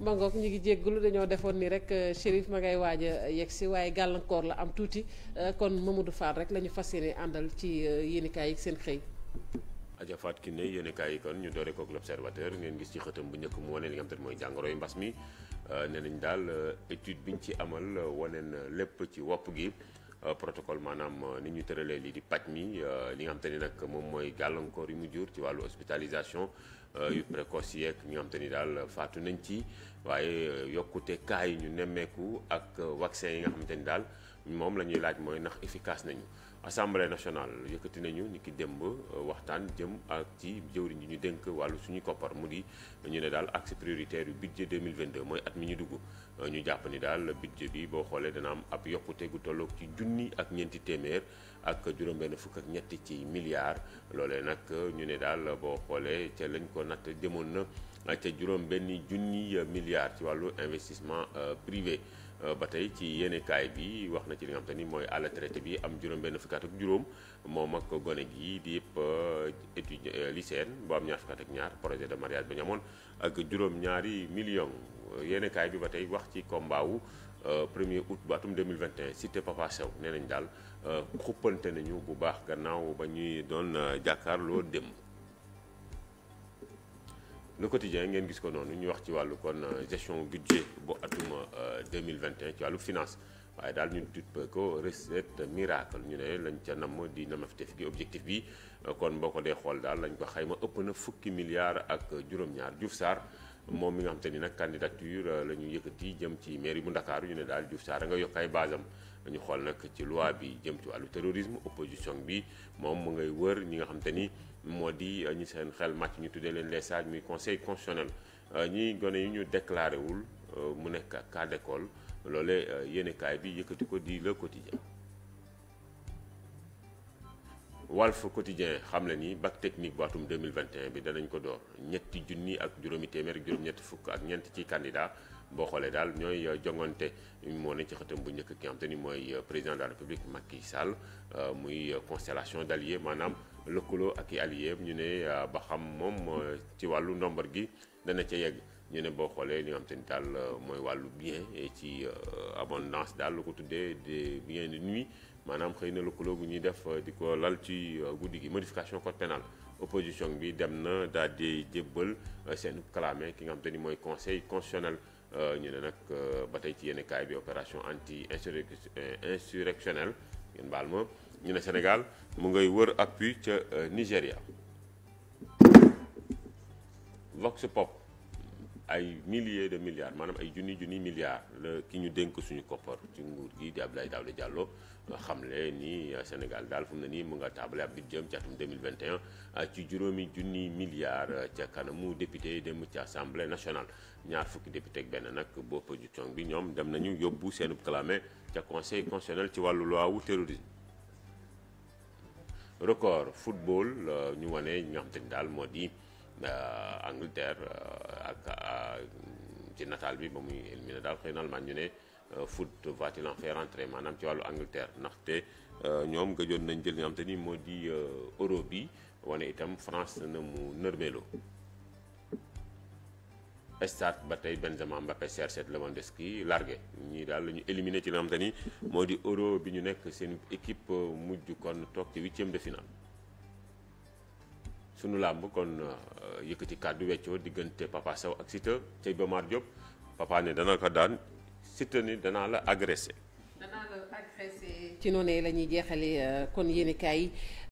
mangook ñu ngi jéggulu dañoo defoon ni rek euh, Chérif ma ngay waaj a si waaye gàllankoor la am tuuti euh, kon Mamadou Fall rek la ñu fas yéene àndal ci euh, yéenekaay yi seen xëy Adja Fatou Kiné yéenekaay yi kon ñu doore kook l'observateur ngeen gis ci xëtam bu njëkk mu wane li nga xam te ne mooy jàngoroy mbas mi ne nañ daal étude biñ ci amal wane lépp ci wopp gi Euh, protocole maanaam euh, ni ñu tëralee lii di paj mi euh, li nga xam ni nag moom mooy gàllankoor yu mu jur ci wàllu hospitalisation yu précoce yeeg ñi nga xam ni daal faatu nañ ci waaye yokkute cas yi ñu nemmeeku ak vaccin yi nga xamante ni daal moom la ñuy laaj mooy ndax efficace nañu assemblée nationale yëkkati nañu ni ki démb euh, waxtaan jëm ak ci jëwriñ yi ñu dénk wàllu suñu koppar mu di ñu ne daal axe prioritaire yu budget 2022 mooy at mi ñu dugg euh, ñu jàpp ni daal budget bi boo xoolee dana am ab yokkute gu tolloog ci junni ak ñeenti téeméer ak juróom-benn fukk ak ñetti ci milliards loolee nag euh, ñu ne daal boo xoolee ca lañ ko natt jëmoon na ca juróom benn junni euh, milliards ci wàllu investissement euh, privé euh, ba tey ci yéenekaay bi wax na ci li nga xam te ni mooy à traité bi am juróom benn fukki ak juróom moom ak gone gi di yëpp étudiant lycéenne bu am ñaar fukki at ak ñaar projet de mariage ba ñu amoon ak juróom ñaari million yéenekaay bi ba tey wax ci combat wu premier août ba atum 2021 cité Papa Sow nee nañ daal xuppante nañu bu baax gannaaw ba ñuy doon jàkkaarloo dem le quotidien ngeen gis ko noonu ñu wax ci wàllu kon euh, gestion budget bu atum 2021 euh, ci wàllu finance waaye daal ñu duppe ko recette miracle ñu ne lañ ca namm di namafteef gi objectif bi kon boo ko dee xool daal lañ ko xayma ëpp na fukki milliar ak juróom-ñaar Diouf Sarr moom mi nga xam te ni nag candidature euh, la ñu yëkkati jëm ci mairie bu Ndakaaru ñu ne daal Diouf Sarr nga yokk ay basam ñu xool nag ci loi bi jëm ci wàllu terrorisme opposition bi moom mu ngay wër ñi nga xam ni moo di euh, ñu seen xel màcc ñu tuddee leen les sages muy conseil constitutionnel euh, ñiy gone yi ñu déclaré wul euh, mu nekk ak cas loole loolee yéenekaay bi yëkkati ko di le quotidien Walf Quotidien xam na ni bac technique bu atum 2021 bi danañ ko door ñetti junni ak juróomi téeméer ak juróom-ñetti fukk ak ñeent ci candidat boo xoolee daal ñooy euh, jongante moo ne ci xëtam bu njëkk ki nga xam te ni mooy euh, président de la république Macky Sall euh, muy constellation d'alliés maanaam lëkkaloo ak i alliés ñu ne ba xam moom ci wàllu nombre gi dana ca yegg ñu ne boo xoolee li nga xam te ni daal mooy wàllu bien ci abondance daal lu ko tuddee des biens de nuit maanaam xëy na lëkkaloo bu ñuy def di ko lal ci guddi gi modification code pénal opposition bi dem na daal di jébbal seen clamé ki nga xam te ni mooy conseil constitutionnel ñu ne nag euh, ba tey ci yenn kaay bi opération anti insurrectionnelle ngeen baal ma ñu ne Sénégal mu ngay wër appui ca euh, Nigéria Vox Pop ay millier de milliards maanaam ay junni junni milliards ki ñu dénk suñu koppar ci nguur gi di Abdoulaye Daouda Diallo xamle ni Sénégal daal fu mu ne nii mu nga taabale ab budget ci atum 2021 ci juróomi junni milliards ca kanamu député yi dem ci assemblée nationale ñaar fukki député benn nag bu opposition bi ñoom dem nañu yóbbu seen clamé ca conseil constitutionnel ci wàllu loi wu terrorisme record football euh, ñu wane ñi nga xam te ni daal moo di Euh, Angleterre euh, ak euh, ci nataal bi ba muy éliminé daal xëy na ñu ne foot va-t-il maanaam ci wàllu Angleterre ndaxte ñoom gëjoon nañ jël li nga xam moo di euro bi wane itam France na mu nërmeeloo. stade ba tey Benzema Mbappé CR7 Lewandowski largué ñii daal la ñu éliminé ci li nga xam moo di euro bi ñu nekk seen équipe mujj kon toog ci huitième de finale. sunu làmb kon euh, yëkkati kàddu weccoo diggante Papa Sow ak Siteu ca Iba Mar Diop Papa ne dana daan Siteu ni danaa la agressé. danaa la agressé ci noonu la ñuy jeexalee euh, kon yéen kaay